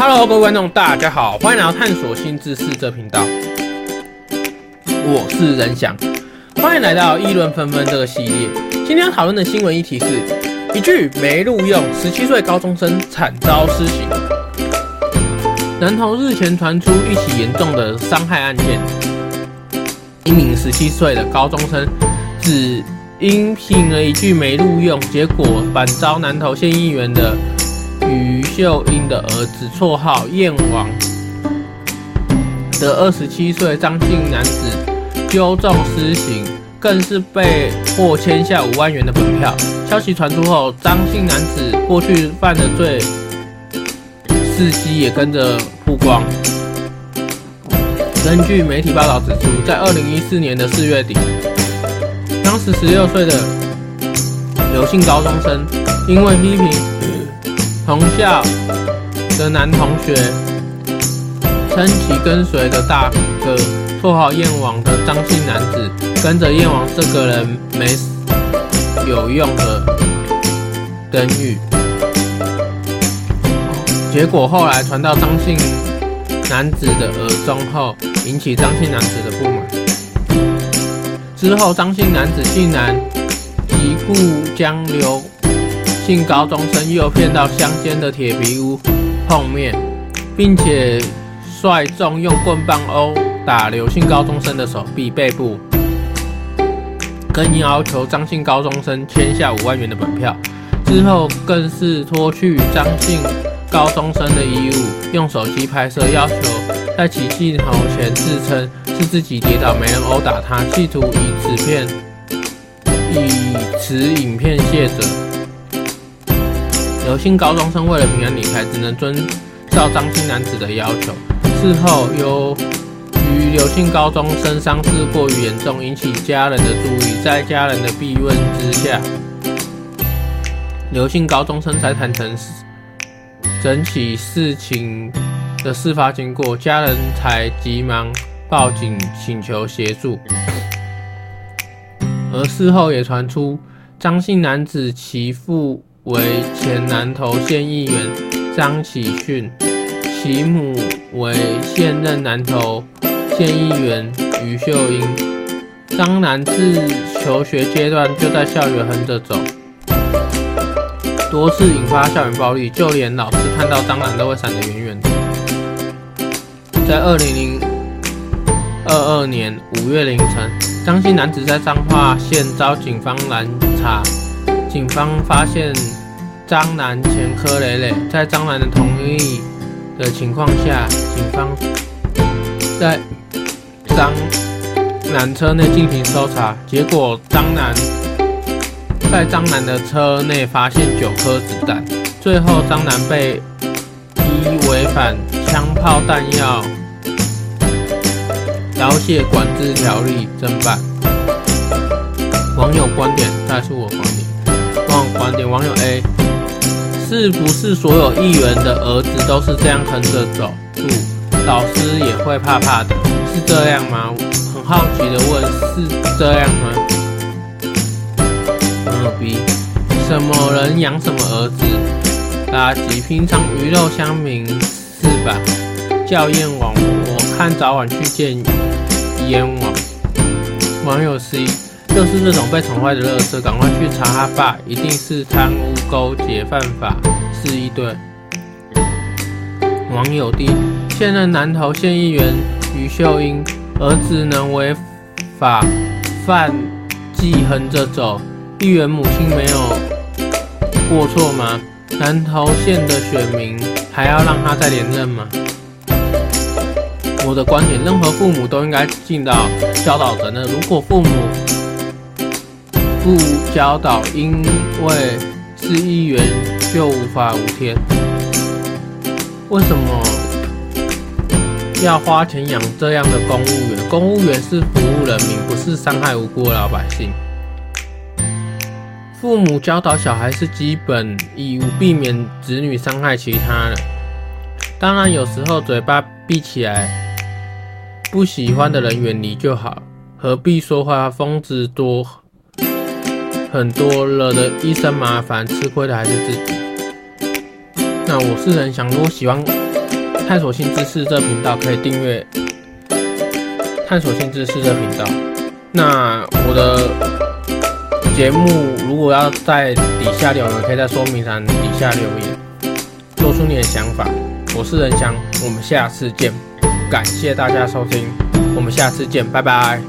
哈嘍各位觀眾，大家好，歡迎來到探索新知識這頻道，我是仁翔，歡迎來到議論紛紛這個系列。今天要討論的新聞議題是一句「沒路用」，十七歲高中生慘遭私刑。南投日前傳出一起嚴重的傷害案件，一名十七歲的高中生，只因聽了一句「沒路用」，結果反遭南投縣議員的於秀英的兒子，綽號“燕王”的二十七歲張姓男子，糾眾私刑，更是被迫簽下五萬元的本票。消息傳出後，張姓男子過去犯的罪事蹟也跟着曝光。根據媒體報道指出，在二零一四年的四月底，當時十六歲的劉姓高中生，因為批評。同校的男同學稱其跟隨的大哥，綽號燕王的張姓男子，跟着燕王這個人沒有用的，等語。結果後來傳到張姓男子的耳中後，引起張姓男子的不滿。之後，張姓男子竟然一顧江流。姓高中生誘騙到鄉間的鐵皮屋碰面，並且率眾用棍棒毆打劉姓高中生的手臂、背部，更硬要求張姓高中生簽下五萬元的本票，之後更是脫去張姓高中生的衣物，用手機拍攝，要求在其鏡頭前自稱是自己跌倒，沒人毆打他，企圖以此片以此影片卸責，劉姓高中生為了平安離開，只能遵照張姓男子的要求。事後，由於劉姓高中生傷勢過於嚴重，引起家人的注意，在家人的逼問之下，劉姓高中生才坦承整起事情的事發經過，家人才急忙報警請求協助。而事後也傳出張姓男子其父。為前南投縣議員張喜訓，其母為現任南投縣議員余秀英。張男自求學階段就在校園橫着走，多次引發校園暴力，就連老師看到張男都會閃得遠遠的。在二零二二年五月凌晨，張姓男子在彰化縣遭警方攔查。警方發現張男前科累累，在張男的同意的情況下，警方在張男車內進行搜查，結果張男在張男的車內發現九顆子彈，最後張男被依違反槍炮彈藥刀械管制條例偵辦。網友觀點，再述我觀點。網友 A，是不是所有議員的兒子都是這樣橫着走路、嗯？老師也會怕怕的，是這樣嗎？很好奇的問，是這樣嗎？網、嗯、友 B，什麼人養什麼兒子？垃圾，平常魚肉鄉民是吧？教驗網，我看早晚去見閻王。網友 C。就是這種被寵壞的垃圾，趕快去查他爸，一定是貪污勾結犯法，是一對。網友 D，現任南投縣議員余秀英兒子能違法犯紀，橫着走，議員母親沒有過錯嗎？南投縣的選民還要讓他再連任嗎？我的觀點，任何父母都應該盡到教導責任，如果父母。不教導，因為是議員就無法無天。為什麼要花錢養這樣的公務員？公務員是服務人民，不是傷害無辜的老百姓。父母教導小孩是基本義務，以無避免子女傷害其他人。當然，有時候嘴巴閉起來，不喜歡的人遠離就好，何必說話？瘋子多。很多惹的，一身麻煩，吃虧的還是自己。那我是仁翔，如果喜歡探索新知識這個頻道，可以訂閱探索新知識這個頻道。那我的節目如果要在底下留言，可以在說明欄底下留言，說出你的想法。我是仁翔，我們下次見，感謝大家收聽，我們下次見，拜拜。